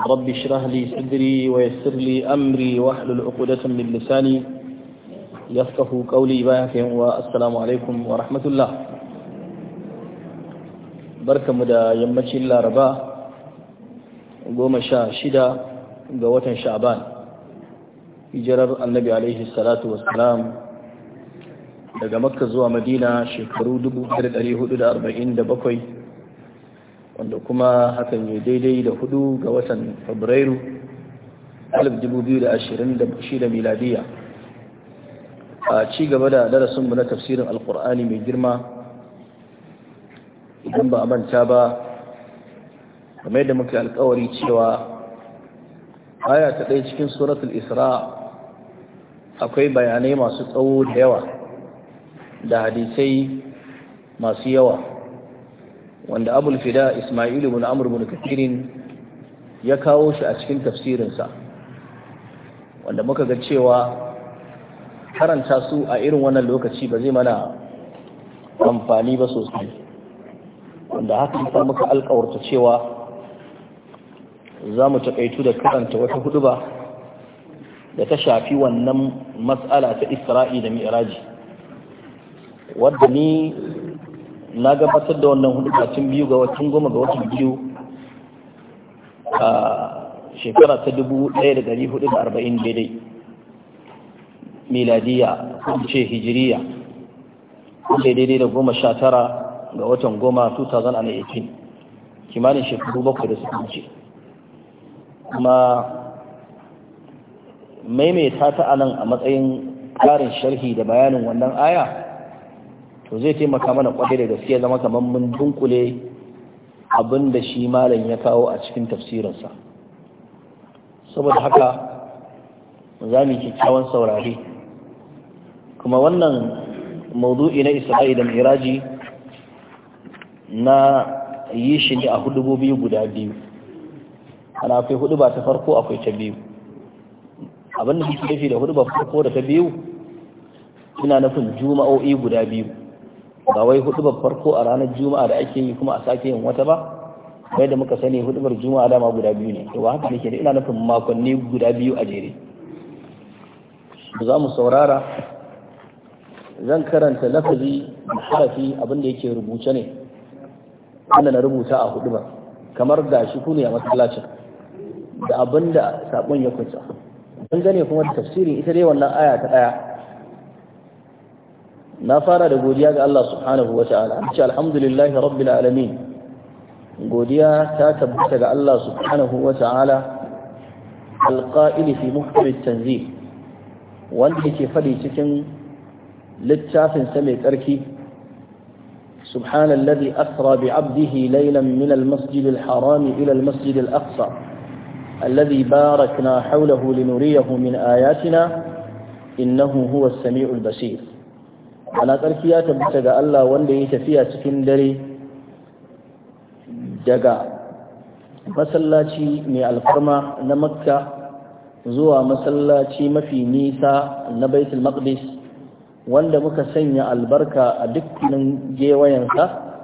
رب اشرح لي صدري ويسر لي أمري واحلل عقدة من لساني يفقه قولي باك والسلام عليكم ورحمة الله بركة مدى يمشي الله ربا قوم شا شدا قوة شعبان hijirar annabi alaihi salatu wassalam daga makka zuwa madina shekaru 1447 wanda kuma hakan yi daidai da hudu ga watan fabrairu 2026 miladiya a ci gaba da darasinmu na tafsirin alkur'ani mai girma idan ba a manta ba kamar da muke alkawari cewa aya ta ɗaya cikin suratul isra akwai bayanai masu tsawo da yawa da hadisai masu yawa wanda abul fida isma'ilu bin amr bin ya kawo shi a cikin tafsirinsa wanda muka ga cewa karanta su a irin wannan lokaci ba zai mana amfani ba sosai wanda haka ta muka alkawarta cewa za mu taƙaitu da karanta wata hudu ba da ta shafi wannan matsala ta isra'i da mi'raji wadda ni na gabatar da wannan hudu bacin biyu ga watan goma ga watan biyu a shekara ta dubu daya da ɗari hudu da arba'in daidai miladiya ko ce hijiriya wanda daidai da goma sha tara ga watan goma 2018 kimanin shekaru bakwai da suka wuce kuma maimaita ta anan a matsayin ƙarin sharhi da bayanin wannan aya to zai taimaka mana kwadai da gaske zama kamar mun dunkule abin da shi malam ya kawo a cikin tafsirinsa saboda haka za mu kyakkyawan saurari kuma wannan maudu'i na isra'i da miraji na yi shi ne a biyu guda biyu ana akwai hudu ba ta farko akwai ta biyu abin da suke da hudu ba farko da ta biyu suna nufin juma'o'i guda biyu ba wai hudubar farko a ranar juma'a da ake yi kuma a sake yin wata ba bai da muka sani hudubar juma'a dama guda biyu ne to haka nake da ina nufin makonni guda biyu a jere za mu saurara zan karanta lafazi da harafi abinda yake rubuce ne wanda na rubuta a hudubar kamar da shi kunu a masallacin da abinda sakon ya kunsa gane kuma da tafsirin ita dai wannan aya ta daya na fara da godiya ga Allah subhanahu wa ta'ala ce alhamdulillahi rabbil alamin godiya ta tabbata ga Allah subhanahu wa ta'ala alqa'il fi muhkamit tanzih wanda ke faɗi cikin littafin sa mai tsarki subhanalladhi asra bi 'abdihi laylan min al-masjid al-haram ila al-masjid al-aqsa alladhi barakna hawlahu linuriyahu min ayatina innahu huwa as-sami'ul basir ana ƙarfi ya tabbata ga Allah wanda ya tafiya cikin dare daga masallaci mai alfarma na makka zuwa masallaci mafi nisa na baitul maqdis wanda muka sanya albarka a dukkanin gewayensa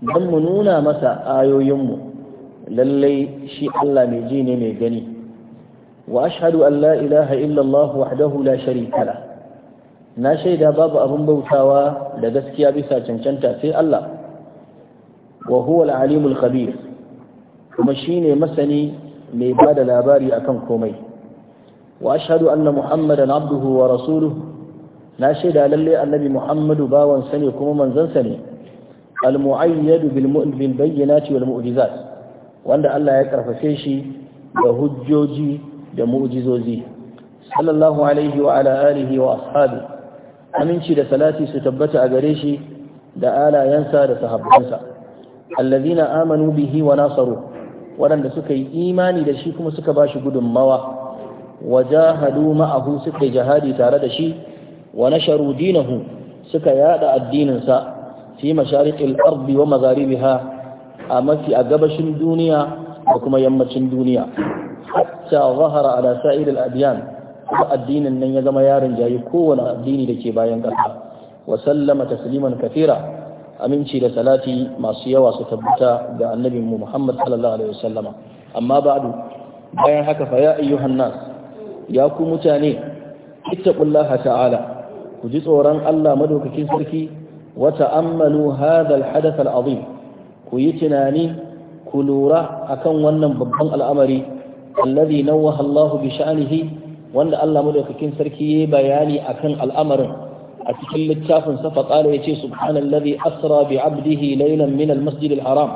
don mu nuna masa ayoyinmu lallai shi Allah mai ji ne mai gani wa ashhadu an la ilaha illallah wahdahu la sharika lahu na shaida babu abin bautawa da gaskiya bisa cancanta sai Allah wa huwa al-alimul khabir kuma shine masani mai bada labari akan komai wa ashhadu anna muhammadan abduhu wa rasuluhu na shaida lalle annabi muhammadu bawan sane kuma manzon ne. al-mu'ayyad bil mu'min bayyinati wal mu'jizat wanda Allah ya karfafe shi da hujjoji da mu'jizozi sallallahu alaihi wa ala alihi wa ashabihi aminci da salati su tabbata a gare shi da alayensa da sahabbansa allazina amanu bihi wa nasaru waɗanda suka yi imani da shi kuma suka shi gudunmawa wa jahadu ma'ahu suka yi jihadi tare da shi wa nasharu dinahu suka yada addininsa fi mashariqil ardi wa magharibiha a mafi a gabashin duniya da kuma yammacin duniya hatta zahara ala sa'iril adyan kuma addinin nan ya zama yaron jayi kowane addini da ke bayan ƙasa wa sallama tasliman kafira aminci da salati masu yawa su tabbata ga annabin mu Muhammad sallallahu alaihi wasallama amma ba'du bayan haka fa ya ayyuhan nas ya ku mutane ittaqullaha ta'ala ku ji tsoron Allah madaukakin sarki wa ta'ammalu hadha al-hadath al-azim ku yi tunani ku lura akan wannan babban al'amari allazi nawaha Allah bi sha'nihi wanda Allah madaukakin sarki yayi bayani akan al'amarin a cikin littafin sa fa qala yace subhanallazi asra bi 'abdihi laylan min al-masjid al-haram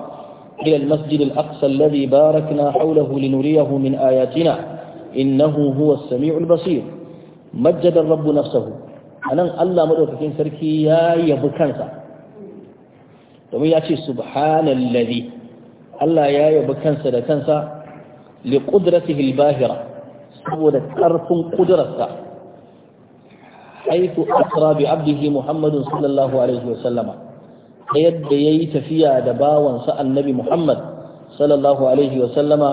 ila al-masjid al-aqsa alladhi barakna hawlahu linuriyahu min ayatina innahu huwa as-sami'u al-basir majjada rabbu nafsahu anan Allah madaukakin sarki ya yabi kansa domin ya ce subhanallazi Allah ya yabi kansa da kansa li qudratihi al-bahira saboda ƙarfin ƙudurarsa haitu asra bi abdihi muhammadun sallallahu alaihi wa sallama ta yadda ya yi tafiya da bawansa annabi muhammad sallallahu alaihi wa sallama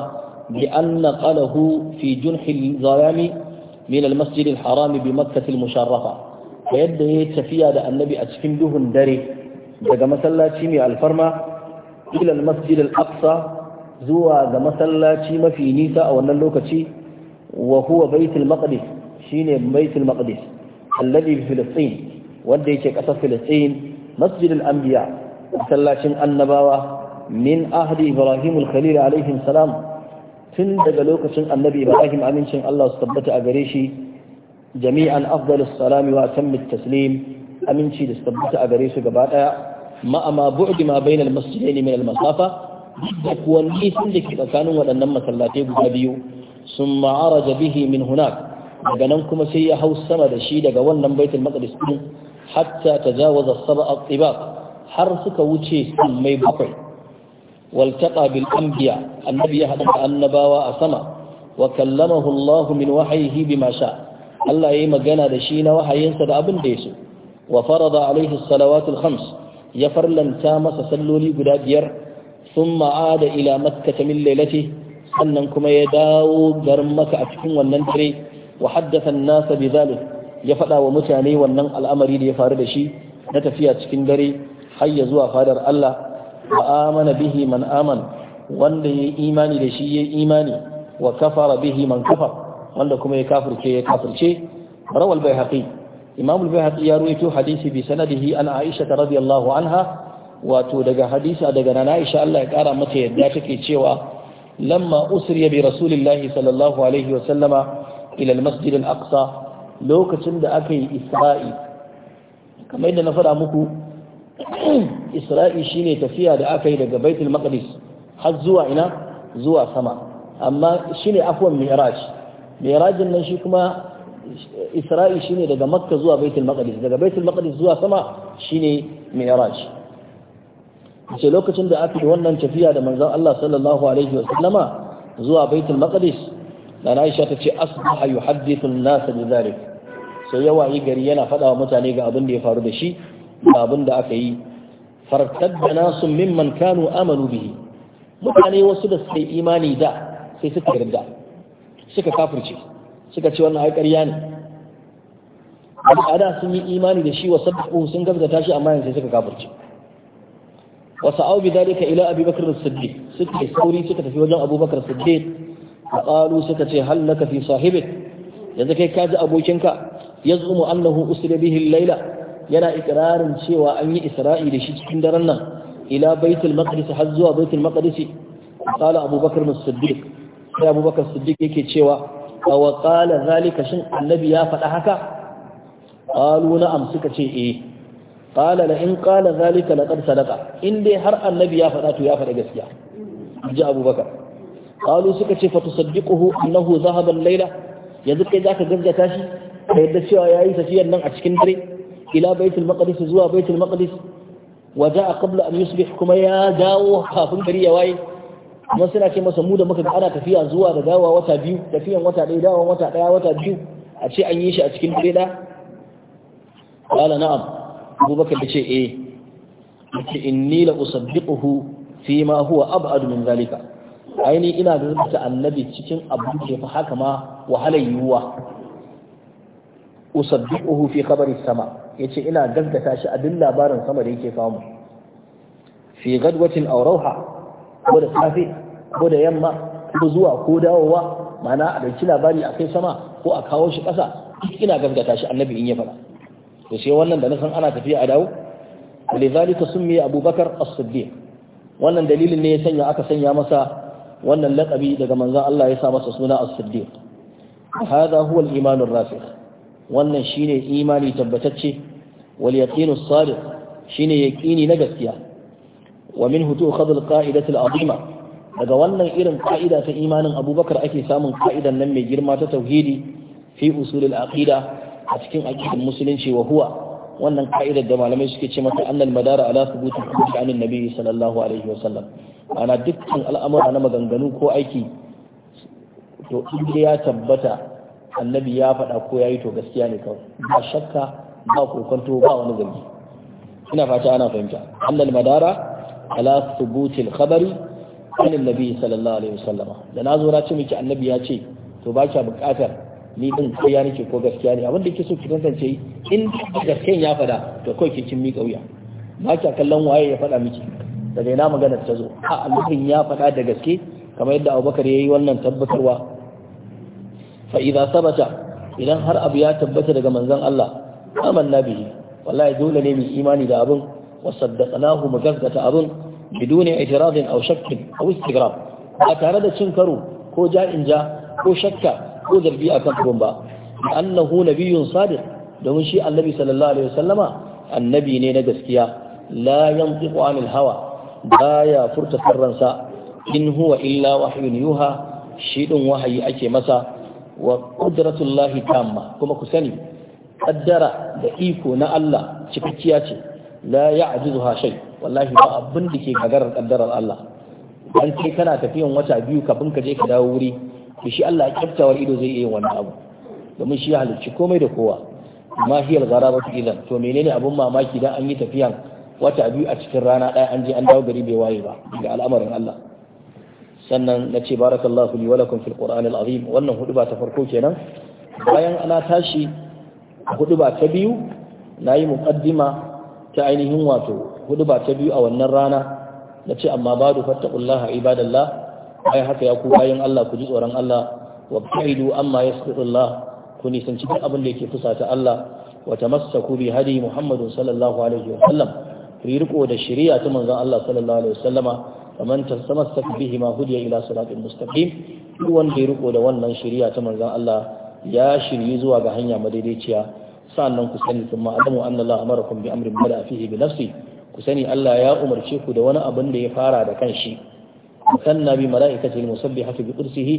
bi anna qalahu fi junhi zalami min almasjid harami bi makkah musharrafa ta yadda ya yi tafiya da annabi a cikin duhun dare daga masallaci mai alfarma ila almasjid aqsa zuwa ga masallaci mafi nisa a wannan lokaci wa huwa baitul maqdis shine baitul maqdis alladhi bi filistin wanda yake ƙasar filistin masjidul anbiya masallacin annabawa min ahdi ibrahim al-khalil alaihim salam tun daga lokacin annabi ibrahim amincin Allah su tabbata jami'an afdalus salami wa atammit aminci da su tabbata a gare gaba daya ma'ama bu'di ma bainal masjidain min al-masafa da kuwan nisan tsakanin waɗannan masallatai guda biyu sun ma'ara jabihi min hunak daga nan kuma sai ya hau sama da shi daga wannan baitin maqdis ɗin hatta tajawaza sab'a tibaq har suka wuce mai bakwai waltaqa bil anbiya annabi ya hada annabawa a sama wa kallamahu Allah min wahyihi bima sha Allah yayi magana da shi na wahayinsa da abin da ya so wa farada alaihi salawatul khams ya farlanta masa salloli guda biyar thumma ada ila makkah min lailatihi sannan kuma ya dawo garin maka a cikin wannan dare wa haddasa nasa bi zalik ya faɗa wa mutane wannan al'amari da ya faru da shi na tafiya cikin dare har ya zuwa fadar Allah wa amana bihi man aman wanda ya imani da shi ya imani wa kafara bihi man kafar wanda kuma ya kafirce ya kafirce rawal bayhaqi imamul al-bayhaqi ya ruwaito hadisi bi sanadihi an aisha radiyallahu anha wato daga hadisa daga nana aisha Allah ya kara mata yadda take cewa lamma usriya bi rasulillahi sallallahu alaihi wasallama ila almasjid alaqsa lokacin da aka yi isra'i kamar yadda na faɗa muku isra'i shine tafiya da aka yi daga baitul maqdis har zuwa ina zuwa sama amma shine afwan mi'raj mi'rajin nan shi kuma isra'i shine daga makka zuwa baitul maqdis daga baitul zuwa sama shine mi'raj ce lokacin da aka yi wannan tafiya da manzan Allah sallallahu alaihi wa zuwa baitul maqdis da Aisha ta ce asbaha yuhaddithu an-nas bidhalik sai yawa yi gari yana faɗa wa mutane ga abin da ya faru da shi ga abin da aka yi fartadda nasu mimman kanu amalu bihi mutane wasu da suka yi imani da sai suka yarda suka kafirce suka ce wannan ai ƙarya ne al'ada sun yi imani da shi wa sabbu sun gabzata shi amma yanzu suka kafirce وسعوا بذلك إلى أبي بكر الصديق سكة سوري سكة في وجه أبو بكر الصديق فقالوا سكة هل لك في صاحبك yanzu kai ka ji abokinka ya zumu annahu usri bihi laila yana ikirarin cewa an yi isra'i da shi cikin daren nan ila baitul maqdis har zuwa baitul maqdis abubakar as sai abubakar as-siddiq yake cewa aw qala zalika shin annabi ya faɗa haka qalu na'am suka ce eh qala la in qala zalika laqad sadaqa in dai har annabi ya faɗa to ya faɗa gaskiya ji abubakar qalu suka ce fatusaddiquhu annahu zahaba al-layla yanzu kai zaka gaskata tashi. ka yadda cewa yayi tafiyar nan a cikin dare ila baitul maqdis zuwa baitul maqdis wa ja'a qabla an yusbih kuma ya dawo kafin gari ya waye kuma suna ce masa mu da muka ga ana tafiya zuwa da dawowa wata biyu tafiyan wata ɗaya dawowa wata ɗaya wata biyu a ce an yi shi a cikin dare da qala na'am abubakar ta ce eh yace inni la usaddiquhu fi ma huwa ab'ad min zalika aini ina da annabi cikin abin da fa haka ma wahalar yiwuwa usaddiquhu fi khabari sama yace ina gaggata shi a duk labarin sama da yake samu fi gadwatin aw rawha ko da safi ko da yamma ko zuwa ko dawowa mana a dauki labari a kai sama ko a kawo shi ƙasa ina gaggata shi annabi in ya faɗa to shi wannan da nasan ana tafiya a dawo ولذلك سمي abubakar بكر الصديق wannan dalilin ne ya sanya aka sanya masa wannan laqabi daga manzon Allah ya sa masa suna as-siddiq hada huwa al-iman ar-rasikh wannan shine imani tabbatacce wal yaqin as-sadiq shine yaqini na gaskiya wa minhu tu'khadhu al-qa'idah al-azima daga wannan irin ka'ida ta imanin Abubakar ake samun ka'idan nan mai girma ta tauhidi fi usul al a cikin aqidar musulunci wa huwa wannan ka'idar da malamai suke ce mata annal madara ala thubuti kulli anin nabi sallallahu alaihi wasallam ana dukkan al'amura na maganganu ko aiki to in ya tabbata annabi ya faɗa ko yayi to gaskiya ne kawai ba shakka ba kokonto ba wani zargi ina fata ana fahimta annal madara ala thubuti al-khabari anin nabi sallallahu alaihi wasallam da nazo na ce miki annabi ya ce to ba kya buƙatar ni din ƙarya nake ko gaskiya ne abin da yake so ki tantance in gaskiyan ya faɗa to kawai ke kin miƙa wuya ba kallon waye ya faɗa miki daga ina magana ta zo a alifin ya faɗa da gaske kamar yadda abubakar ya yi wannan tabbatarwa fa sabata idan har abu ya tabbata daga manzon Allah amanna bihi wallahi dole ne mu imani da abin wa saddaqnahu mu gaskata abin bidun i'tiradin aw shakkin aw istigrab ba tare da cin karo ko ja'in ja ko shakka ko zargi akan abun ba annahu nabiyyun sadiq domin shi annabi sallallahu alaihi wasallama annabi ne na gaskiya la yantiqu anil hawa baya furta sarransa in huwa illa wahyun yuha shi din wahayi ake masa wa qudratullahi tamma kuma ku sani kaddara da iko na Allah cikakkiya ce la ya'jizuha shay wallahi ba abin da ke gagarar kaddarar Allah An ce kana tafiyan wata biyu kafin ka je ka dawo wuri da shi Allah ya kyaftawar ido zai iya wannan abu domin shi ya halicci komai da kowa Mahiyar gara ba su ilan to menene abun mamaki dan an yi tafiyan wata biyu a cikin rana ɗaya an je an dawo gari bai waye ba ga al'amarin Allah sannan na ce barakallahu li wa lakum fil al azim wannan ba ta farko kenan bayan ana tashi ba ta biyu nayi muqaddima ta ainihin wato huduba ta biyu a wannan rana na ce amma badu fattaqullaha ibadallah ai haka ya ku bayan Allah ku ji tsoron Allah wa ba'idu amma yasqitullah ku nisanci duk abin da yake fusata Allah wa tamassaku bi hadi Muhammadin sallallahu alaihi wa sallam riko da shari'a ta manzon Allah sallallahu alaihi wa sallama faman tamassaka bihi ma hudiya ila siratil mustaqim duk wanda ya riko da wannan shari'a ta manzon Allah ya shiryi zuwa ga hanya madaidaiciya sa'annan ku sani kuma adamu annallaha amarakum bi amrin bada fihi bi nafsi ku sani Allah ya umarce ku da wani abin da ya fara da kanshi musanna bi mala'ikati musabbihati bi qudsihi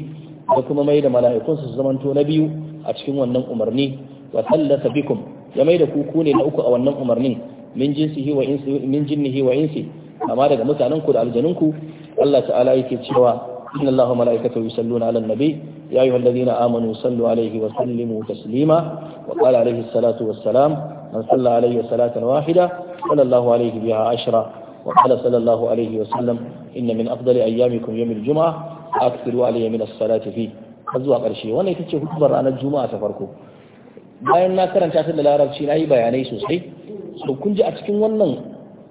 da kuma mai da mala'ikun su zamanto na biyu a cikin wannan umarni wa sallasa bikum ya mai da ku ku ne na uku a wannan umarnin min jinsihi wa insi min jinnihi wa insi amma daga mutanen ku da aljanun ku Allah ta'ala yake cewa inna Allaha mala'ikatahu yusalluna 'alan nabi ya ayyuhalladhina amanu sallu 'alayhi wa sallimu taslima wa qala 'alayhi salatu wassalam man salla 'alayhi salatan wahida sallallahu 'alayhi biha ashra wa qala sallallahu 'alayhi wa sallam inna min afdali ayyamikum yawmul juma'a aktsiru alayya min as-salati fi har zuwa ƙarshe wannan ita ce hudubar ranar juma'a ta farko bayan na karanta ta da larabci na yi bayanai sosai so kun ji a cikin wannan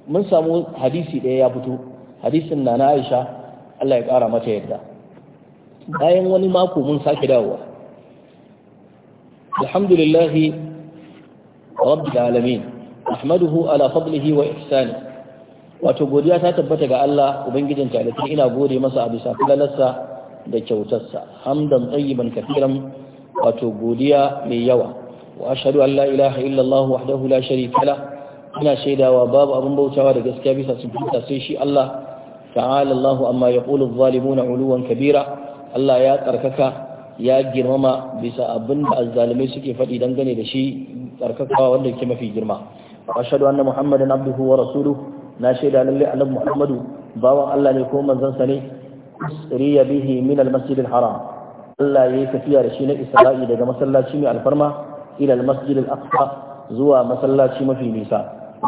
mun samu hadisi ɗaya ya fito hadisin na na aisha allah ya ƙara mata yadda bayan wani mako mun sake dawowa alhamdulillahi rabbil alamin ahmaduhu ala fadlihi wa ihsani wato godiya ta tabbata ga Allah ubangijin talibai ina gode masa a bisa da kyautarsa hamdan tayyiban kafiran wato godiya mai yawa wa ashhadu an la ilaha illallah wahdahu la sharika la ina shaidawa babu abin bautawa da gaskiya bisa fita sai shi Allah ta'ala Allah amma yaqulu adh-dhalimuna 'uluwan kabira Allah ya tsarkaka ya girmama bisa abin da azzalimai suke faɗi dangane da shi tsarkakawa wanda yake mafi girma wa ashhadu anna muhammadan abduhu wa rasuluhu na shaida lalle annabi Muhammadu bawan Allah ne ko manzan sa ne usriya bihi min al-masjid al-haram Allah yayi tafiya da shi na Isra'i daga masallaci mai alfarma ila al-masjid al-aqsa zuwa masallaci mafi nisa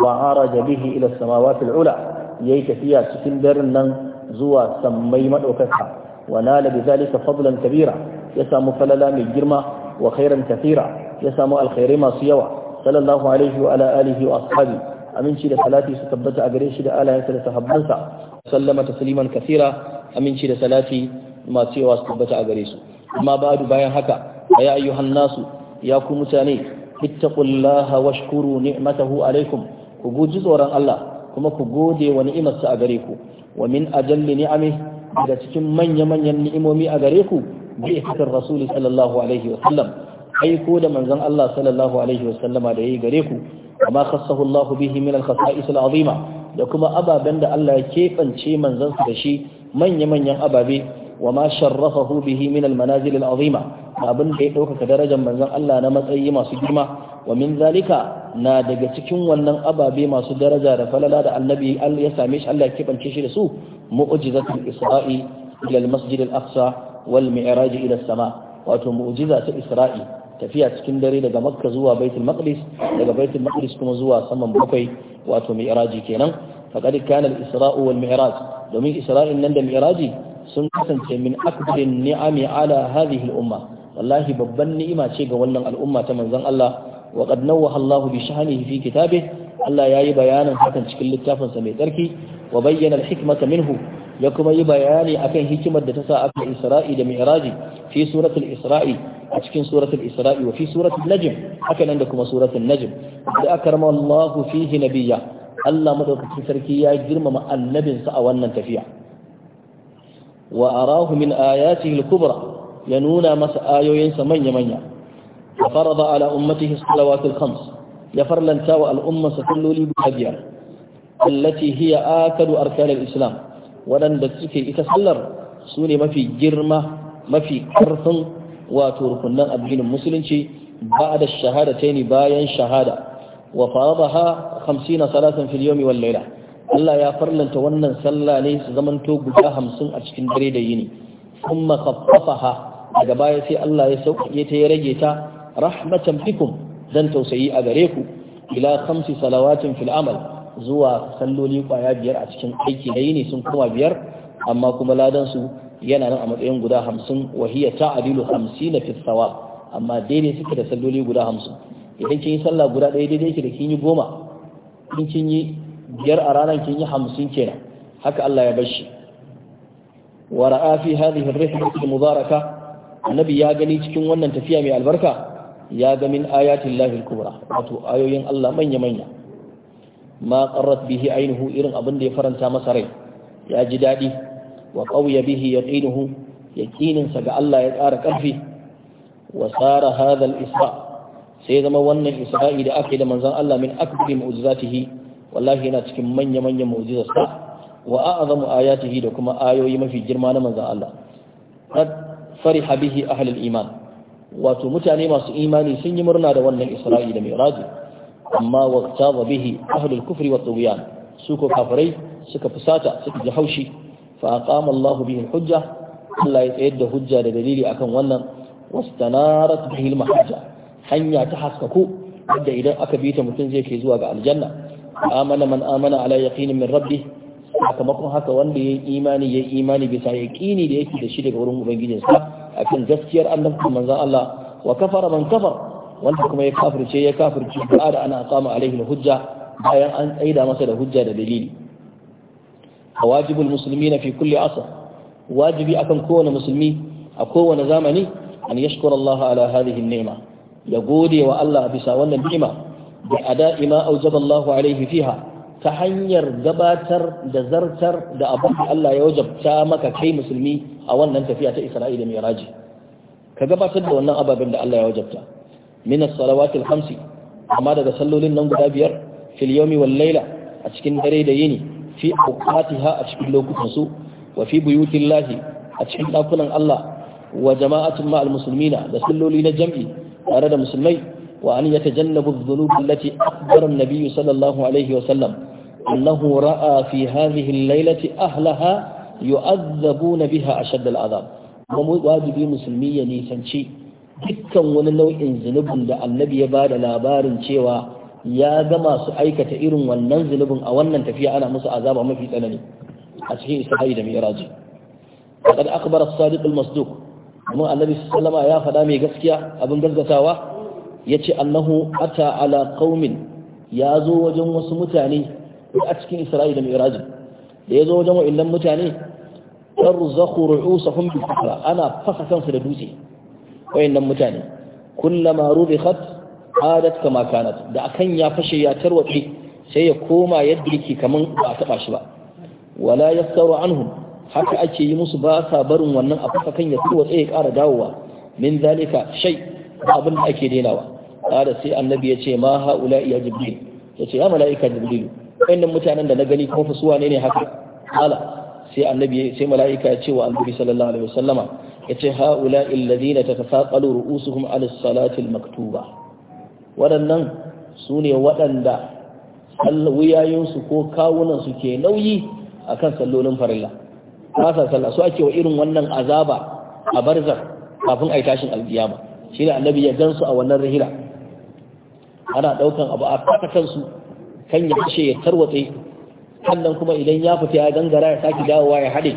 wa haraja bihi ila as-samawati al-ula yayi tafiya cikin daren nan zuwa sammai madaukaka wa nala bi zalika fadlan kabira ya samu falala mai girma wa khairan kathira ya samu alkhairai masu yawa sallallahu alaihi wa ala alihi wa ashabi aminci da salati su tabbata a gare shi da alayansa da sahabbansa sallama tasliman kasira aminci da salati masu yawa su tabbata a gare su amma ba'du bayan haka ya ayyuhan nasu ya ku mutane ittaqullaha washkuru ni'matahu alaikum ku guji tsoron Allah kuma ku gode wa ni'imarsa a gare ku wa min ajalli ni'ami daga cikin manya-manyan ni'imomi a gare ku bi rasuli sallallahu alaihi wa sallam aiko da manzon Allah sallallahu alaihi wasallama da yayi gare ku amma khassahu Allah bihi min al-khasa'is al-azima da kuma ababen da Allah ya kebance manzon da shi manya-manyan ababe wa ma sharrafahu bihi min al-manazil al-azima abin da ya dauka darajar manzon Allah na matsayi masu girma wa min zalika na daga cikin wannan ababe masu daraja da falala da annabi ya same shi Allah ya kebance shi da su mu'jizatul isra'i ila al-masjid al-aqsa wal mi'raj ila as-sama wato mu'jiza ta isra'i tafiya cikin dare daga makka zuwa baitul maqdis daga baitul maqdis kuma zuwa saman bakwai wato mi'raji kenan faqad kana al-isra'u wal mi'raj domin isra'in nan da mi'raji sun kasance min akbarin ni'ami ala hadhihi al-umma wallahi babban ni'ima ce ga wannan al'umma ta manzon Allah wa qad nawwaha Allah bi sha'nihi fi kitabihi Allah yayi bayanin hakan cikin littafinsa mai tsarki wa bayyana al-hikmata minhu ya kuma yi bayani akan hikimar da ta sa aka isra'i da mi'raji fi isra'i a cikin suratul isra'i wa suratun Najim, najm haka nan da kuma suratul najm da akarma Allahu fihi nabiyya Allah madaukakin sarki ya girmama annabinsa a wannan tafiya wa arahu min ayatihi al ya nuna masa ayoyinsa manya manya wa farada ala ummatihi salawatul khams ya farlanta wa al'ummarsa salloli biyar allati hiya akadu arkan al-islam waɗanda suke ita sallar su ne mafi girma mafi karfin wato rukunan addinin musulunci ba da shahada ta ne bayan shahada wa faradaha 50 salatan fil yawmi wal Allah ya farlanta wannan sallah ne su zamanto guda 50 a cikin dare da yini kuma ha daga baya sai Allah ya sauke ta ya rage ta rahmatan bikum dan tausayi a gare ku ila khamsi salawatin fil amal zuwa salloli kwaya biyar a cikin aiki da yini sun koma biyar amma kuma ladan su yana nan a matsayin guda hamsin wahiya ta adilu hamsin na fisawab amma daidai suke da salloli guda hamsin idan kin yi sallah guda ɗaya daidai ki da kin yi goma in kin yi biyar a ranar kin yi hamsin kenan haka Allah ya bar shi wa ra'a fi hadhihi ar rihlati al-mubaraka annabi ya gani cikin wannan tafiya mai albarka ya ga min ayatin al kubra wato ayoyin Allah manya-manya ma qarrat bihi ainihu irin abin da ya faranta masa rai ya ji daɗi wa qawya bihi ya ya yaqininsa ga Allah ya ƙara ƙarfi wa sara hadha isra sai zama wannan isra'i da aka yi da manzon Allah min akbari mu'jizatihi wallahi yana cikin manya manyan mu'jizarsa wa a'zamu ayatihi da kuma ayoyi mafi girma na manzan Allah qad fariha bihi ahlul iman wato mutane masu imani sun yi murna da wannan isra'i da miraji amma waqta bihi ahlul kufri wa tughyan su ko kafirai suka fusata suka ji haushi fa aqama Allah bihi hujja Allah ya tsayar da hujja da dalili akan wannan wastanarat bihi hilma mahajja hanya ta haskaku wanda idan aka bi ta mutum zai ke zuwa ga aljanna amana man amana ala yaqinin min rabbih sakamakon haka wanda ya imani ya imani bisa yaqini da yake da shi daga wurin ubangijinsa akan gaskiyar annabci manzon Allah wa kafar man kafara wanda kuma ya kafirce ya kafirce ba da ana kama alaihin hujja bayan an tsaida masa da hujja da dalili a wajibin musulmi na fi kulli asa wajibi akan kowane musulmi a kowane zamani an yashkura Allah ala hadhihi ni'ma ya gode wa Allah bisa wannan ni'ima bi ada'i ma awjaba Allah alaihi fiha ta hanyar gabatar da zartar da abin Allah ya wajabta maka kai musulmi a wannan tafiya ta Isra'ila mai raji ka gabatar da wannan ababen da Allah ya wajabta min as Hamsi al-khamsi amma daga sallolin nan guda biyar fil yawmi layla a cikin dare da yini fi awqatiha a cikin lokutan su wa fi buyutillahi a cikin dakunan Allah wa jama'atun ma'al musulmina da salloli na jam'i tare da musulmai wa an yatajannabu adh-dhunub allati akhbara an-nabiy sallallahu alaihi wa sallam annahu ra'a fi hadhihi al-laylati ahlaha yu'adhabuna biha ashadda al-'adab kuma wajibi musulmi ya nisanci dukkan wani nau'in zunubin da annabi ya bada labarin cewa ya ga masu aikata irin wannan zulubin a wannan tafiya ana musu azaba mafi tsanani a cikin isra'i da miraji kada akbar as-sadiq al-masduq amma annabi sallama ya faɗa mai gaskiya abin gaskatawa yace annahu ata ala qaumin ya zo wajen wasu mutane a cikin isra'i da miraji da ya zo wajen wa'annan mutane tarzakhu ru'usahum bil ana fasa kansu da dutse wa'annan mutane kullama rubikhat adat kama kanat da akan ya fashe ya tarwatse sai ya koma yadda yake kaman ba a taba shi ba wala yasaru anhum haka ake yi musu ba sa barin wannan abu kan ya tarwatse ya ƙara dawowa min zalika shay abin da ake denawa kada sai annabi ya ce ma haula ya jibril ya ce ya mala'ika jibril wayannan mutanen da na gani kuma fa ne ne haka ala sai annabi sai mala'ika ya ce wa annabi sallallahu alaihi wasallama ya ce haula alladhina tatasaqalu ru'usuhum ala salati al-maktuba waɗannan su ne waɗanda wuyayinsu ko kawunansu ke nauyi a kan sallolin farilla kasa sallah su ake wa irin wannan azaba a barzar kafin a yi tashin alkiyama shi ne annabi ya gansu a wannan rahira ana ɗaukan abu a kansu kan ya kashe ya tarwatse sannan kuma idan ya fita ya gangara ya sake dawowa ya haɗe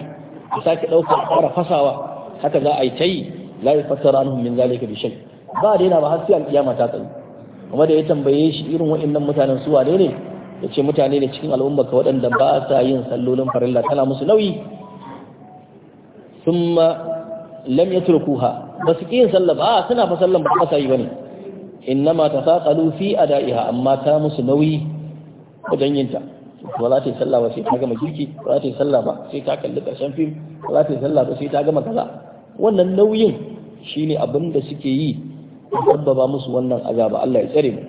ya sake a ƙara fasawa haka za a yi ta yi la yi fassara anhum min zalika bi ba daina ba har sai alkiyama ta tsaye kuma da ya tambaye shi irin wa'annan mutanen su wane ne ya ce mutane ne cikin al'umma ka waɗanda ba sa yin sallolin farilla tana musu nauyi thumma lam yatrukuha ba su ƙi yin sallah ba suna fa sallan ba sa yi bane innama tasaqalu fi ada'iha amma ta musu nauyi wajen yin ta ba za ta yi salla ba sai ta gama girki ba za ta yi salla ba sai ta kalli ƙarshen fim ba za ta yi salla ba sai ta gama kaza wannan nauyin shine abin da suke yi sabbaba musu wannan azaba Allah ya tsare mu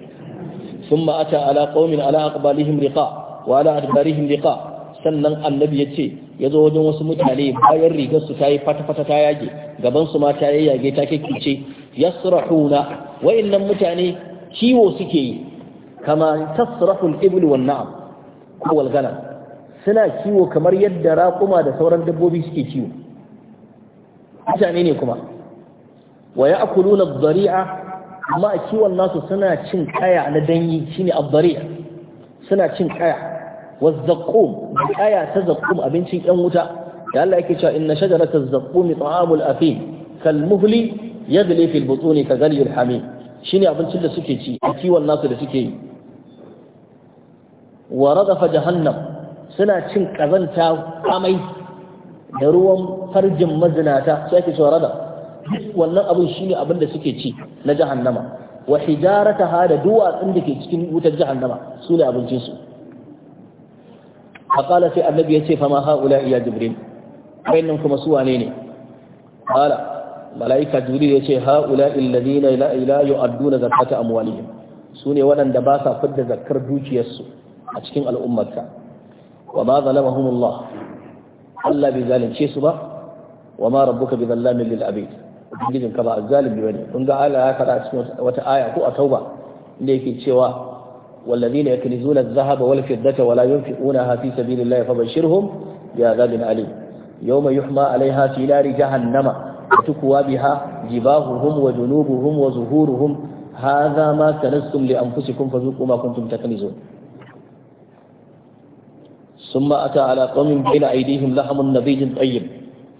thumma ata ala qaumin ala aqbalihim riqa wa ala adbarihim riqa sannan annabi yace yazo wajen wasu mutane bayan rigar su tayi fata fata ta yage gaban su ma ta yage ta kike yasrahuna wa'annan mutane kiwo suke yi kama al ibl wan na'am ko al-ghanam suna kiwo kamar yadda raƙuma da sauran dabbobi suke kiwo mutane ne kuma wa ya'kuluna ad-dari'a amma a kiwon nasu suna cin kaya na danyi shine ad-dari'a suna cin kaya wa zaqqum kaya ta zaqqum abincin yan wuta da Allah yake cewa inna shajarata zaqqum ta'amul afim kal muhli yadli fil butuni ka ghali al-hamim shine abincin da suke ci a kiwon nasu da suke yi wa radafa jahannam suna cin kazanta amai da ruwan farjin mazinata sai ake cewa duk wannan abin shine abin da suke ci na jahannama wa hijarataha da duwatsun da ke cikin wutar jahannama su ne abincin su faqala sai annabi yace fa ma haula ya jibril wayannan kuma su wane ne qala malaika jibril yace haula alladhina la ilaha yu'adduna zakata amwalihim su ne waɗanda ba sa fidda zakkar dukiyarsu a cikin al'ummarka wa ma zalamahumullah Allah bai zalunce su ba wa ma rabbuka bi zallamin lil abid ubangijin ka ba a zalibi bane kun ga Allah ya fara cikin wata aya ko a tauba inda yake cewa wallazina yakrizuna adh-dhahaba wal fiddata wala yunfiquna fi sabilillahi fabashirhum bi adhabin alim yawma yuhma 'alayha fi nari jahannama tukwa biha jibahuhum wa junubuhum wa zuhuruhum hadha ma kanastum li anfusikum fazuqu ma kuntum taknizun summa ata ala qawmin bayna aydihim lahamun nadijin tayyib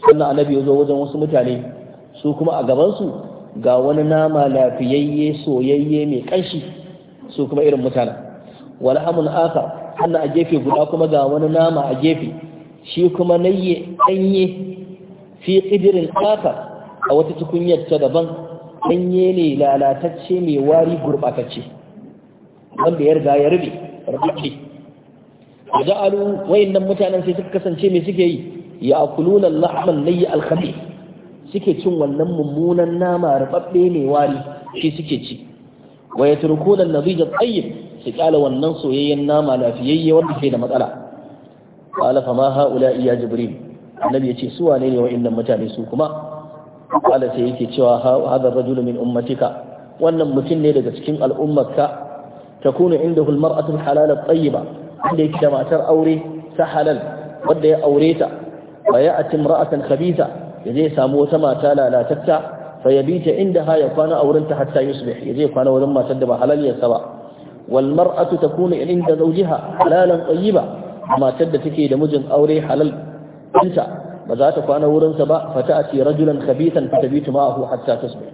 sannan annabi yazo wajen wasu mutane su kuma a gabansu ga wani nama lafiyayye soyayye mai kanshi su kuma irin mutane wani amun aka hannu a gefe guda kuma ga wani nama a gefe shi kuma nayye ɗanye fi ƙidirin aka a wata tukunyar ta daban ɗanye ne lalatacce mai wari gurɓatacce wanda ya riga ya rube rube da ja'alu wayannan mutanen sai suka kasance mai suke yi ya kulunan lahman nayi alkhabith suke cin wannan mummunan nama rubabbe mai wari shi suke ci wa yatrukuna an-nadija tayyib su kala wannan soyayyen nama lafiyayye wanda ke da matsala qala fa ma haula ya jibril annabi yace su wane ne wa'annan mutane su kuma qala sai yake cewa hadha rajulu min ummatika wannan mutum ne daga cikin al'ummarka takunu indahu inda maratu al-halal at-tayyiba inda yake da matar aure ta halal wanda ya aure ta wa ya'ti imra'atan khabitha ya samu wata mata lalatatta fa yabita ha ya kwana a wurinta hatta yusbih ya kwana wurin matar da ba ya saba wal mar'atu takunu inda zawjiha halalan tayyiba matar da take da mijin aure halal ɗinta ba za ta kwana sa ba fa ta'ati rajulan khabithan fa tabitu ma'ahu hatta tusbih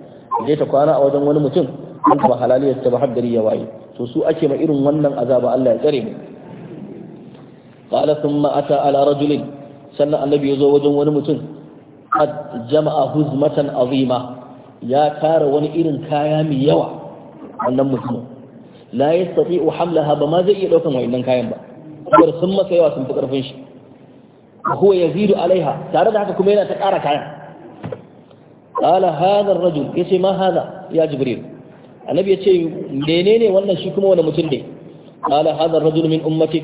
yaje ta kwana a wajen wani mutum wanda ba halaliyarsa ba har gari ya waye to su ake ma irin wannan azaba Allah ya tsare mu qala thumma ata ala rajulin sannan annabi ya zo wajen wani mutum qad jama'a huzmatan azima ya tara wani irin kaya mai yawa wannan mutum la yastati'u hamlaha ba ma zai iya daukan wayannan kayan ba saboda sun masa yawa sun fi karfin shi huwa yazidu alaiha tare da haka kuma yana ta ƙara kayan qala hadha ar-rajul yace ma hadha ya jibril annabi yace menene wannan shi kuma wani mutum ne qala hadha ar min ummati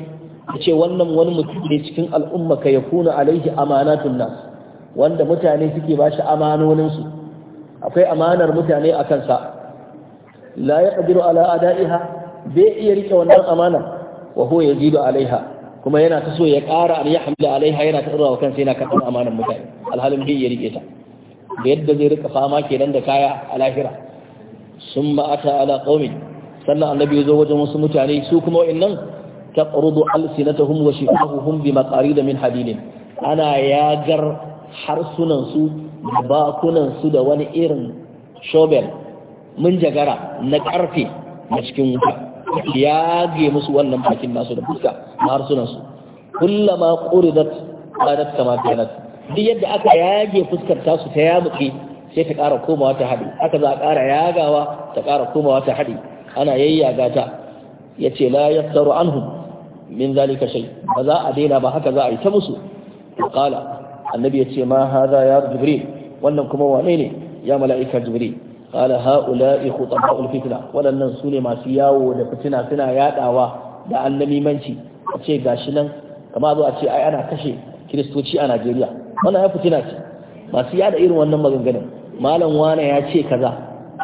yace wannan wani mutum ne cikin al'umma ka yakuna alaihi amanatun nas wanda mutane suke ba shi amanoninsu akwai amanar mutane a kansa la ya ƙadiru ala ada'iha bai iya rike wannan amanar wa ya yazidu alaiha kuma yana ta so ya ƙara an yahmila alaiha yana ta tsirawa kansa yana karɓar amanar mutane alhalin bai iya rike ta da yadda zai rika fama kenan da kaya a lahira sun ma'ata ala qaumi sannan annabi ya zo wajen wasu mutane su kuma wa'annan taqrudu alsinatahum wa shifahuhum bi maqarid min hadidin ana yagar harsunansu da bakunansu da wani irin shobel mun jagara na ƙarfe na cikin wuta ya ge musu wannan bakin nasu da fuska na harsunansu kullama ƙuridat ƙadat kama kanat duk yadda aka yage fuskar tasu ta yamuke sai ta ƙara komawa ta hadi aka za a ƙara yagawa ta ƙara komawa ta hadi ana yayyaga ta ya ce la yassaru anhum min zalika shay ba za a daina ba haka za a yi ta musu qala annabi ya ce ma hadha ya jibril wannan kuma wane ne ya mala'ika jibril qala haula'i khutaba'ul fitna wadannan su masu yawo da fitina suna yadawa da annabimanci a ce gashi nan kama zo a ce ai ana kashe kiristoci a Najeriya wannan ya fitina ce masu yada irin wannan maganganun malam wana ya ce kaza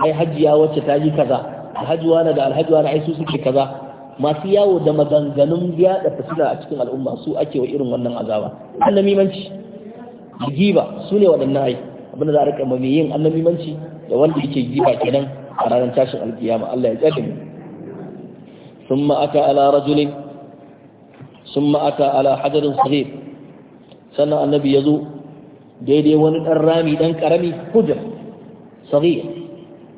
ai hajjiya wacce ta yi kaza alhaji wana da alhaji wana ai su suke kaza masu yawo da maganganun yada fitina a cikin al'umma su ake wa irin wannan azaba annabimanci giba su ne waɗannan ai abinda za a rika mai yin annabimanci da wanda yake giba kenan a ranar tashin alkiyama Allah ya tsaye summa aka ala rajuli summa aka ala hajarin sahib sannan annabi ya zo daidai wani ɗan rami ɗan ƙarami hujjar sahib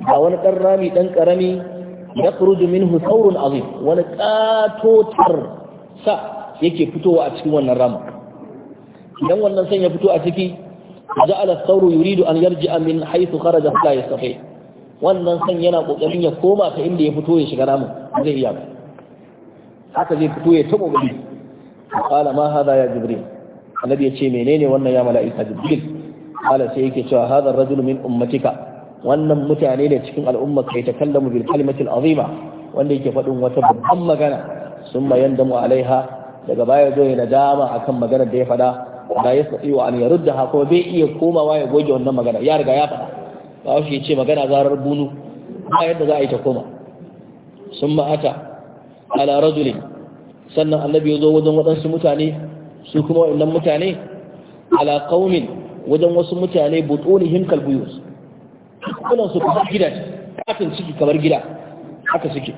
ba wani ɗan rami ɗan ƙarami ya kuruji min hutsaurin azim wani ƙatotar sa yake fitowa a cikin wannan ramar idan wannan san ya fito a ciki ja'ala sauru yuridu an yarji'a min haythu kharaja la yastati wannan san yana kokarin ya koma ka inda ya fito ya shiga ramin zai iya ba haka zai fito ya tabo gari qala ma ya jibril annabi ya ce menene wannan ya mala'ika jibril qala sai yake cewa hadha ar-rajulu min ummatika wannan mutane ne cikin al'umma kai ta kallamu bil kalimati azima wanda yake faɗin wata babban magana summa yandamu alaiha daga baya zo ya nadama akan maganar da ya faɗa ba ya sa'i wa an ya rudda bai iya komawa ya goge wannan magana ya riga ya faɗa ba shi ya ce magana zarar bunu ba yadda za a yi ta koma sun ma'ata ala rajulin sannan annabi ya zo wajen waɗansu mutane su kuma waɗannan mutane ala qaumin wajen wasu mutane butunihim kalbuyus kunan su kuma gidan katin ciki kamar gida haka suke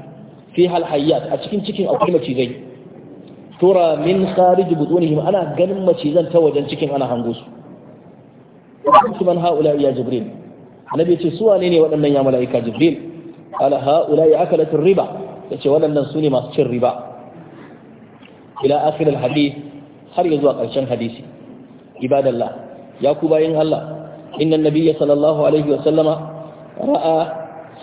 fi hal hayyat a cikin cikin akwai macizai tura min kharij butunihim ana ganin macizan ta wajen cikin ana hango su su man haula ya jibril annabi ce su wane ne waɗannan ya mala'ika jibril ala haula ya akalat riba yace waɗannan su ne masu cin riba ila akhir al hadith har ya zuwa ƙarshen hadisi ibadallah ya ku bayin Allah inna nabiyya sallallahu alaihi wa sallama ra'a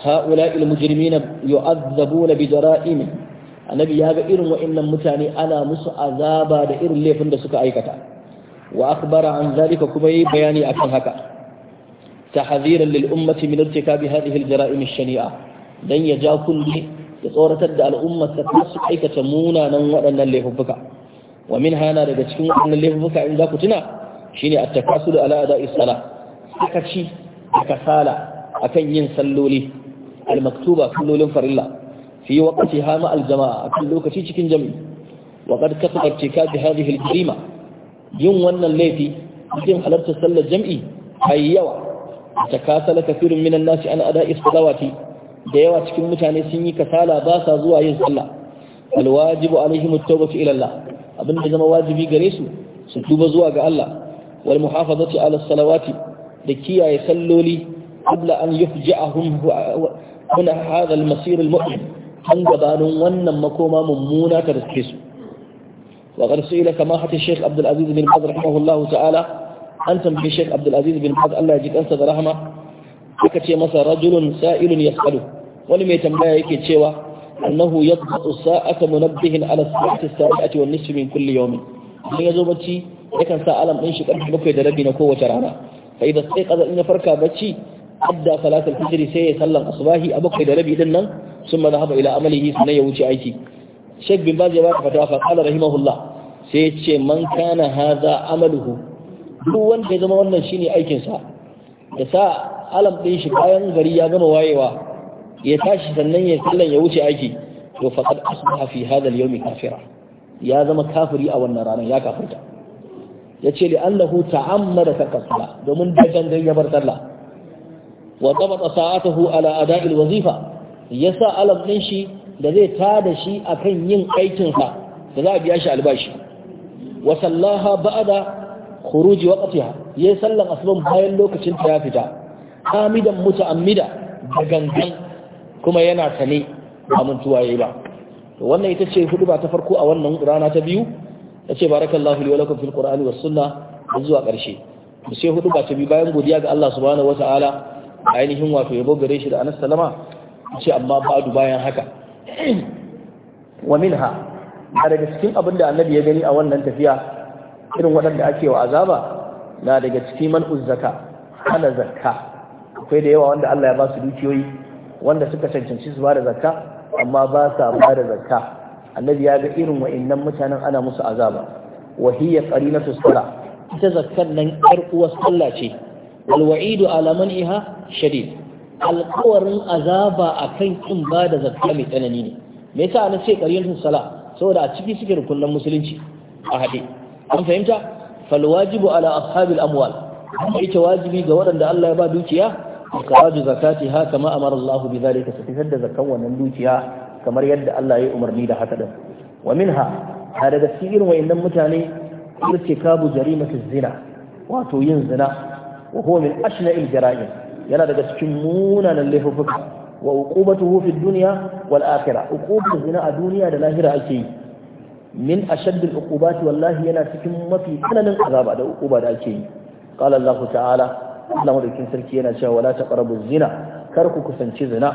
haula al mujrimina yu'adhabuna bi jara'imihim annabi ya ga irin wa'annan mutane ana musu azaba da irin laifin da suka aikata wa akhbara an zalika kuma yi bayani akan haka tahziran lil ummati min irtikabi hadhihi al jara'im al shani'a dan ya ja kulli ya tsoratar da al'ummar ta su aikata munanan waɗannan laifuka. wa min na daga cikin waɗannan laifuka in za ku tuna shine at-takasul ala ada'i salah sakaci da kasala akan yin salloli al-maktuba sallolin farilla fi waqti hama aljama'a akan lokaci cikin jami'i wa qad kasaba bi hadhihi aljima yin wannan laifi cikin halartar sallar jam'i ai yawa takasala kathirun minan nasi an ada'i salawati da yawa cikin mutane sun yi kasala ba sa zuwa yin sallah alwajibu alaihim at-tawbatu ila Allah abinda zama wajibi gare su su tuba zuwa ga Allah wal muhafazati ala salawati da kiyaye salloli qabla an yufja'ahum huna hadha al-masir kan gabanin wannan makoma mummuna ta dake su wa qarsu ila kama hatta sheikh abdul bin baz rahimahullahu ta'ala an tambaye sheikh abdul aziz bin baz Allah ji kansa da rahama suka ce masa rajulun sa'ilun yasalu wani mai tambaya yake cewa annahu yadhu aka munabbihin ala sa'ati sa'ati wan nisfi min kulli yawm idan yazo bacci yakan sa alam din shi karfe 7 da rabi na kowace rana fa idan sai kaza in ya farka bacci abda salatul fajr sai ya sallan asbahi a bakwai da rabi din nan sun ma zahaba ila amalihi sannan ya wuce aiki Sheikh bin Baz ya baka fatawa fa qala rahimahullah sai ya ce man kana hadha amaluhu duk wanda ya zama wannan shine aikin sa ya sa alam din shi bayan gari ya gama wayewa ya tashi sannan ya sallan ya wuce aiki to faqad asbaha fi hadha al-yawm kafira ya zama kafiri a wannan ranar ya kafirta yace li annahu ta'ammada ka kasala domin da gangan ya bar sallah wa dabata sa'atahu ala ada'il wazifa yasa alam din shi da zai tada shi akan yin aikin sa da za a biya shi albashi wa Ba'ada ba'da khuruji waqtiha yayi sallan asuban bayan lokacin ta ya fita hamidan muta'ammida da gangan kuma yana sane ba mutuwa yayi ba to wannan ita ce hudu ba ta farko a wannan rana ta biyu yace barakallahu li wa lakum fil qur'ani was sunnah zuwa ƙarshe sai hudu ba ta biyu bayan godiya ga Allah subhanahu wataala ainihin wato yabo gare shi da anas salama ce amma ba'du bayan haka wa minha na daga cikin abin da annabi ya gani a wannan tafiya irin waɗanda ake wa azaba na daga cikin man uzzaka hana zakka akwai da yawa wanda Allah ya ba su dukiyoyi wanda suka cancanci su ba da zakka amma ba sa ba da zakka annabi ya ga irin wa'annan mutanen ana musu azaba wa hiya qarinatu sala ita zakkan nan yar uwar sallah ce alwa'idu alaman iha shadid alkawarin azaba a kan kin ba da zakka mai tsanani ne me yasa na ce ƙaryar sala saboda a ciki suke rukunan musulunci a haɗe an fahimta falwajibu ala ashabil amwal kuma ita wajibi ga waɗanda Allah ya ba dukiya ikraju zakati ha kama amara Allah bi zalika su fitar da zakkan wannan dukiya kamar yadda Allah ya yi umarni da haka din wa minha a daga cikin wayannan mutane irtikabu jarimatu zina wato yin zina wa huwa min ashna'il jara'im yana daga cikin munanan laifuka wa uqubatuhu fi dunya wal akhirah zina a duniya da lahira ake yi min ashaddil uqubati wallahi yana cikin mafi tsananin azaba da uquba da ake yi qala Allah ta'ala Allah madaukin sarki yana cewa wala taqrabu zina kar ku kusanci zina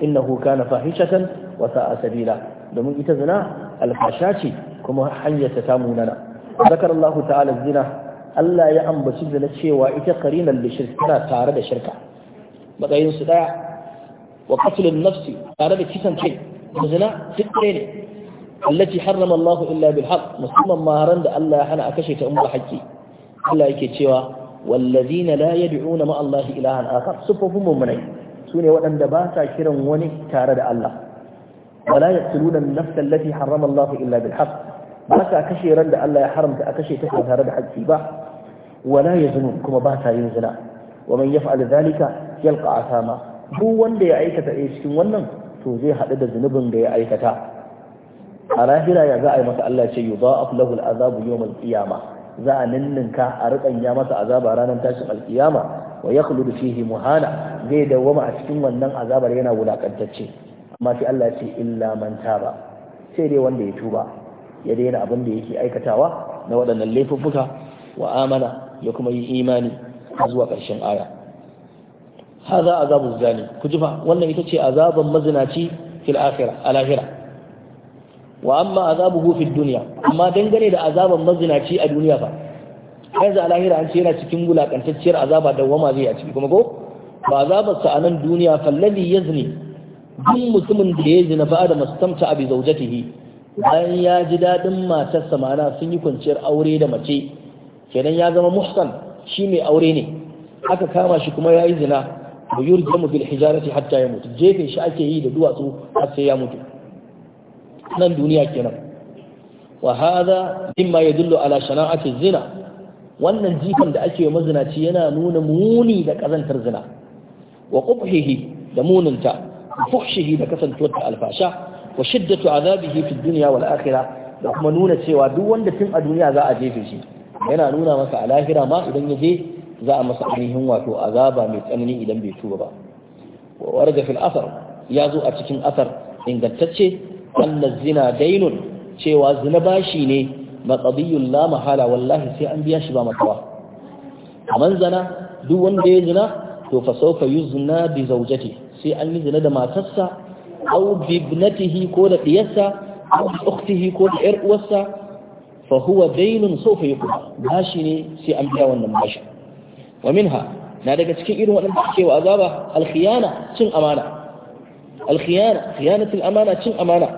innahu kana fahishatan wa sa'a sabila domin ita zina alfasha ce kuma hanyar ta munana ذكر الله تعالى الزنا Allah ya ambaci da na cewa ita qarinan li tana tare da shirka matsayin su daya wa qatlun nafsi tare da kisan kai da zina duk ɗaya ne allati harrama Allah illa bil haqq musamman maharan da Allah ya hana a kashe ta in ba haƙƙi Allah yake cewa walladina la yad'una ma Allah ilahan akhar sufufun mu'minai sune waɗanda ba sa kiran wani tare da Allah wala yaqtuluna an-nafsa allati harrama Allah illa bil haqq ba sa kashe ran da Allah ya haramta a kashe ta tare da haƙƙi ba wala yazunun kuma ba sa yin zina wa man yaf'al zalika yalqa asama duk wanda ya aikata a cikin wannan to zai haɗu da zunubin da ya aikata a lahira ya za a yi masa Allah ce yudha'af lahu al'azabu azabu al-qiyamah za a ninninka a rikanya masa azaba ranar tashin alkiyama wa ya kulu fihi muhana zai dawwama a cikin wannan azabar yana wulakantacce amma sai Allah ce illa man taba sai dai wanda ya tuba ya daina abin da yake aikatawa na waɗannan laifuffuka wa amana ya kuma yi imani zuwa ƙarshen aya haza azabu zani ku jifa! wannan ita ce azaban mazinaci fil akhira a lahira wa amma azabuhu fid duniya. amma dangane da azaban mazinaci a duniya fa yanzu a lahira an ce yana cikin wulaƙantacciyar azaba dawwama zai a ciki kuma ko ba azabar sa a nan duniya fallazi yazni duk mutumin da ya zina ba da mastamta bi zaujatihi bayan ya ji daɗin matarsa ma'ana sun yi kwanciyar aure da mace kenan ya zama muhsan shi mai aure ne aka kama shi kuma ya yi zina da yurjamu bil hijarati hatta ya mutu jefin shi ake yi da duwatsu har sai ya mutu nan duniya kenan wa hadha mimma yadullu ala shana'ati zina wannan jifan da ake mazinaci yana nuna muni da kazantar zina wa qubhihi da muninta fuhshihi da kasantuwar alfasha wa shiddatu azabihi fid dunya wal akhirah da kuma nuna cewa duk wanda tun a duniya za a jefe shi yana nuna masa a lahira ma idan ya je za a masa ainihin wato azaba mai tsanani idan bai tuba ba wa warda fil asar ya zo a cikin asar ingantacce anna zina dainun cewa zina bashi ne maqdiyul la mahala wallahi sai an biya shi ba matawa. kaman zana duk wanda ya zina to fa sawfa yuzna bi zaujati, sai an yi zina da matarsa aw bi ibnatihi ko da diyarsa aw bi ukhtihi ko da yar uwarsa fa huwa daynun sawfa yuqda bashi ne sai an biya wannan bashi wa minha na daga cikin irin waɗanda suke wa azaba khiyana cin amana alkhiyana khiyanatul amana cin amana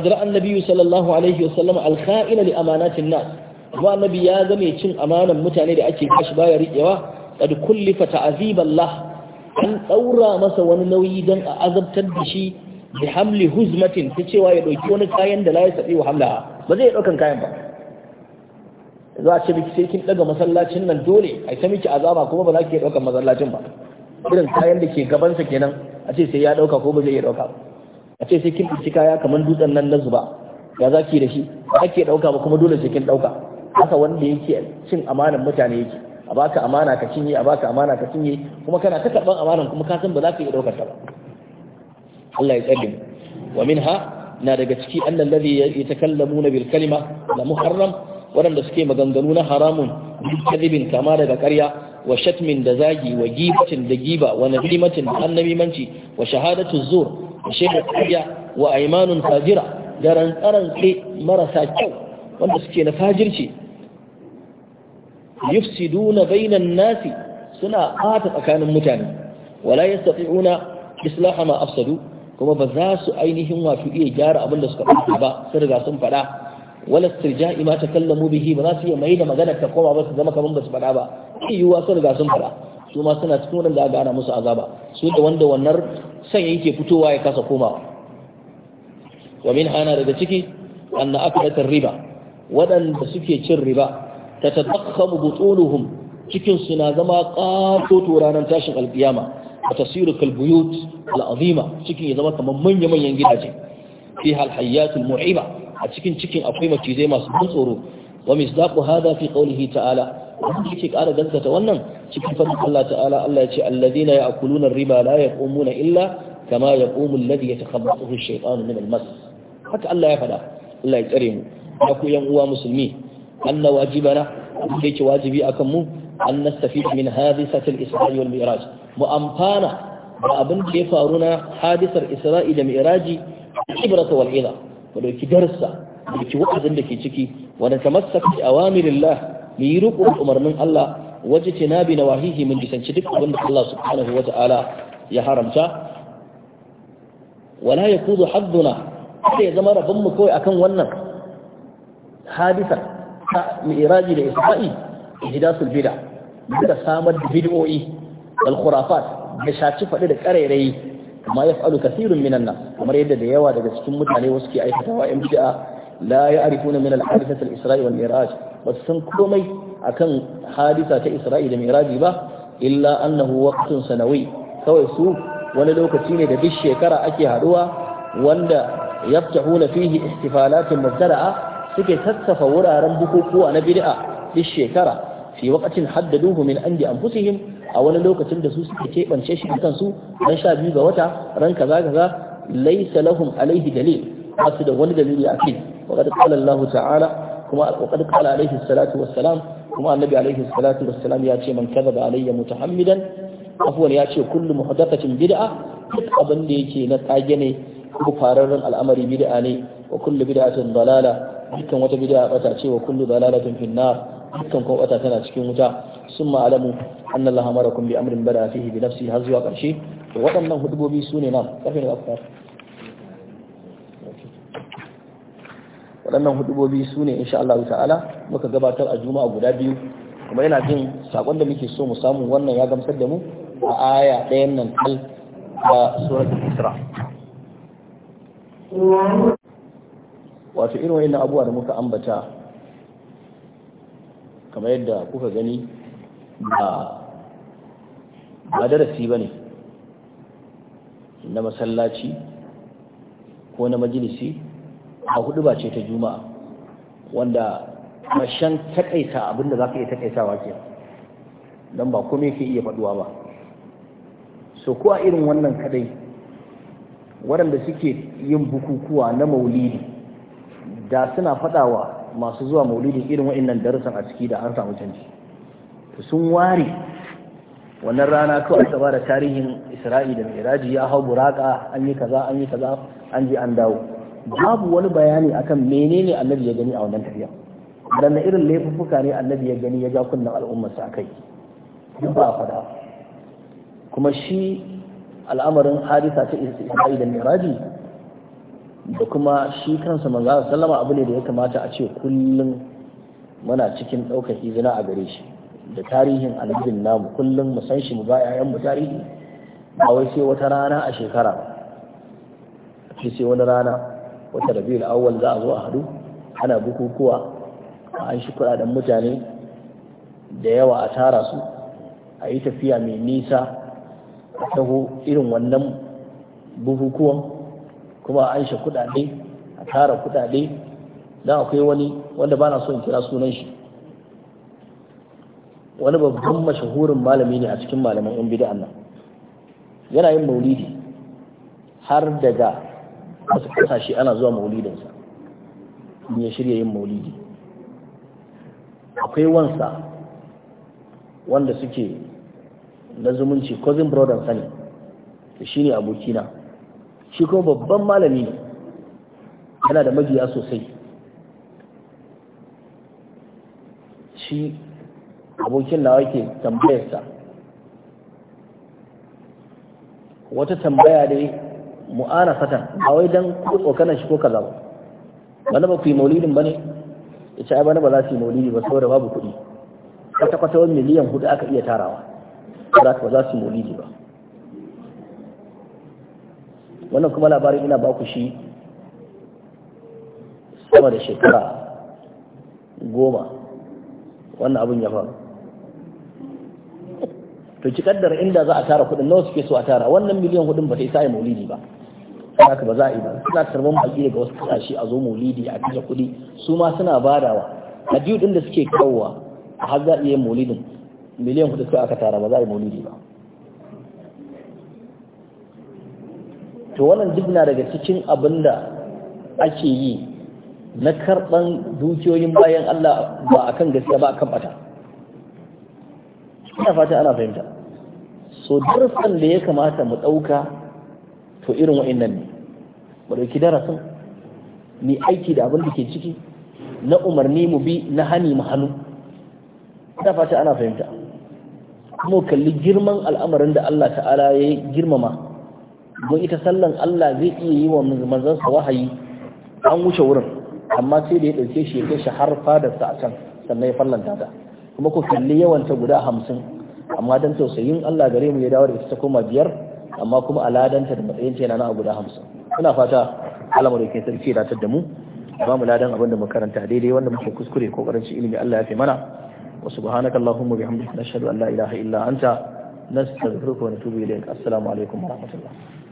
idra annabi sallallahu alaihi wa sallam alkha'ina li amanatin nas kuma annabi ya zame cin amanan mutane da ake kashi baya riƙewa qad kullifa ta'azib an daura masa wani nauyi dan a azabtar da shi bi hamli huzmatin ta cewa ya ɗauki wani kayan da la ya saɓi wa hamla ba zai ɗaukan kayan ba za a ce biki sai kin ɗaga masallacin nan dole a ta miki azaba kuma ba za ki ɗaukan masallacin ba irin kayan da ke gabansa kenan a ce sai ya ɗauka ko ba zai iya ɗauka a ce sai kin ɗauki kaya kamar dutsen nan na zuba ya za ki da shi ba ke ɗauka ba kuma dole sai kin ɗauka haka wanda yake cin amanan mutane yake a baka amana ka cinye a baka amana ka cinye kuma kana ta taɓan amanan kuma ka san ba za ka iya ɗaukar ta ba Allah ya tsare mu wa minha na daga ciki annal ladhi yatakallamuna bil kalima la muharram waɗanda suke maganganu na haramun kadibin kama daga ƙarya wa shatmin da zagi wa gibatin da giba wa nabimatin da annabimanci wa shahadatu zur wa shehu ƙarya wa aimanun fajira da rantsaran marasa kyau wanda suke na fajirci yufsiduna bainan nasi suna ɓata tsakanin mutane wala yastati'una islaha ma afsadu kuma ba za su ainihin wato iya gyara abin da suka faɗa ba sun riga sun faɗa wala sirja'i ma takallamu bihi ba za su iya mai da magana ta koma ba su zama kaman ba su faɗa ba yiwuwa sun riga sun faɗa su ma suna cikin wanda aka gana musu azaba su da wanda wannan sanya yake fitowa ya kasa komawa wa min hana daga ciki anna akalatar riba waɗanda suke cin riba ta tadakkamu butuluhum cikin su na zama ƙato ranar tashin alƙiyama وتصير كالبيوت العظيمة cikin ya zama kamar manya-manyan gidaje fi halhayyatul mu'iba a cikin cikin akwai macizai masu ban tsoro wa misdaqu hada fi qawlihi ta'ala wanda yake ƙara gaskata wannan cikin fadin Allah ta'ala Allah ya ce alladhina ya'kuluna riba la yaqumuna illa kama yaqumu alladhi yatakhabbathu ash-shaytanu min al-mas haka Allah ya faɗa Allah ya tsare mu ya ku yan uwa musulmi anna wajibana da yake wajibi akan mu an nastafi min hadithatil isra'i wal mi'raj mu amfana da abin da ya faru na hadisar isra'i da mi'raji ibrata wal ila mu dauki darsa da ki wa'azin da ke ciki wa na tamassaka bi awamirillah mi yi riko umarnin Allah waje ce na bi nawahihi mun bisanci duk abin da Allah subhanahu wa ta'ala ya haramta wala yakudu hadduna sai ya zama rabin mu kawai akan wannan hadisar ta mi'raji da isra'i ihdasul bid'a da samar da bid'o'i wal khurafat da shaci faɗi da ƙarairayi kama ya fa'alu kasirun minan nan kamar yadda da yawa daga cikin mutane wasu ke aikatawa yan bid'a la ya'rifuna min al-hadithat al-isra'i wal miraj ba san komai akan hadisa ta isra'i da miraji ba illa annahu waqtun sanawi kawai su wani lokaci ne da duk shekara ake haduwa wanda yaftahuna fihi ihtifalatin mubtada'a suke tattafa wuraren bukukuwa na bid'a duk shekara fi hadda haddaduhu min andi anfusihim a wani lokacin da su suke keɓance shi kansu ran sha biyu ga wata ran kaza kaza laisa lahum alaihi dalil ba su da wani dalili a kai wa qad qala Allah ta'ala kuma wa qad qala alaihi salatu wassalam kuma annabi alaihi salatu wassalam ya ce man kadaba alayya mutahammidan afwan ya ce kullu muhdathatin bid'a duk abin da yake na kage ne ko fararren al'amari bid'a ne wa kullu bid'atin dalala dukkan wata bid'a bata ce wa kullu dalalatin finna. dukkan kuma bata tana cikin wuta sun ma'alamu anna Allah amarakum bi amrin bada fihi bi nafsi har zuwa karshe to waɗannan hudubobi su ne nan kafin da kuma waɗannan hudubobi su ne insha Allah ta'ala muka gabatar a juma'a guda biyu kuma yana jin sakon da muke so mu samu wannan ya gamsar da mu a aya ɗayan nan kal a suratul isra wato irin wayannan abuwa da muka ambata kamar yadda kuka gani ba darasi ba ne na masallaci ko na majalisi a hudu ba ce ta juma'a wanda mashan takaita abinda za ka iya takaitawa ke don ba kome ke iya faduwa ba so ko a irin wannan kadai waɗanda suke yin bukukuwa na maulidi da suna fadawa masu zuwa maulidi irin wa'annan darussan a ciki da an samu canji sun ware wannan rana kawai ta da tarihin isra'i da miraji ya hau buraka an yi kaza an yi kaza an je an dawo babu wani bayani akan menene annabi ya gani a wannan tafiya dan irin laifuffuka ne annabi ya gani ya ga kunnan al'ummar sa kai duk ba fada kuma shi al'amarin hadisa ta isra'i da miraji da kuma shi kansa manzo sallama abu ne da ya kamata a ce kullum muna cikin daukar izina a gare shi da tarihin annabin namu kullun mu san shi mu ba yayan mu tarihi ba wai sai wata rana a shekara ce sai wani rana wata rabiul awwal za a zo a hadu ana bukukuwa an shi kuɗaɗen mutane da yawa a tara su a yi tafiya mai nisa a taho irin wannan bukukuwan kuma an shi kuɗaɗe a tara kuɗaɗe don akwai wani wanda ba na so in kira sunan shi wani babban mashahurin malami ne a cikin malaman yan bid'an nan yana yin maulidi har daga wasu kasashe ana zuwa maulidinsa in ya shirya yin maulidi akwai wansa wanda suke na zumunci cousin brother sani da shi ne abokina shi kuma babban malami yana da majiya sosai shi abokin nawa ke tambayarsa wata tambaya dai mu'ana fatan a wai don ko shi ko kaza ba wani ba ku yi maulidin ba ne ya ce ai ba za su yi maulidi ba saboda babu kuɗi kwata-kwata wani miliyan hudu aka iya tarawa ba za su yi maulidi ba wannan kuma labarin ina ba ku shi sama da shekara goma wannan abin ya faru to ki kaddara inda za a tara kudin nawa suke so a tara wannan miliyan kudin ba ta isa yi maulidi ba haka ba za a yi ba suna karban baki daga wasu kasashe a zo maulidi a kashe kudi su ma suna badawa a biyu din da suke kawowa a har za a iya maulidin miliyan kudi suka aka tara ba za a yi maulidi ba to wannan duk na daga cikin abin da ake yi na karɓan dukiyoyin bayan Allah ba a kan gaskiya ba a kan bata ina fata ana fahimta so darasin da ya kamata mu ɗauka to irin wa'annan ne ba ɗauki darasin ni aiki da abin da ke ciki na umarni mu bi na hani mu hannu ina fata ana fahimta kuma kalli girman al'amarin da Allah ta'ala ya girmama don ita sallan Allah zai iya yi wa manzansa wahayi an wuce wurin amma sai da ya ɗauke shi ya kai shi har fadarsa a can sannan ya fallanta ta kuma ku kalli yawanta guda hamsin amma dan tausayin Allah gare mu ya dawo da ta koma biyar amma kuma ladanta da matsayin yana na guda hamsin ina fata alamar da ke sarki datar da mu ba mu ladan abin da mu karanta daidai wanda muke kuskure ko karanci ilimi Allah ya fi mana wa subhanaka allahumma bihamdika nashhadu an la ilaha illa anta nastaghfiruka wa natubu ilayk assalamu alaikum wa rahmatullah